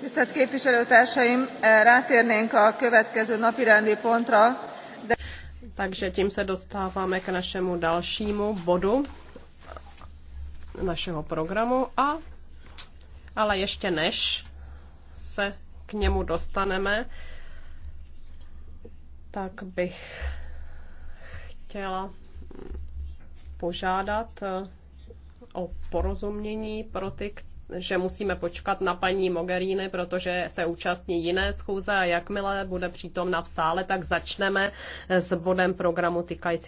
Tisztelt képviselőtársaim, eh, rátérnénk a következő napirendi pontra. De... Takže tím se dostáváme k našemu dalšímu bodu našeho programu a ale ještě než se k němu dostaneme, tak bych chtěla požádat eh, o porozumění pro ty, že musíme počkat na paní Mogherini, protože se účastní jiné schůze a jakmile bude přítomna v sále, tak začneme s bodem programu týkajícím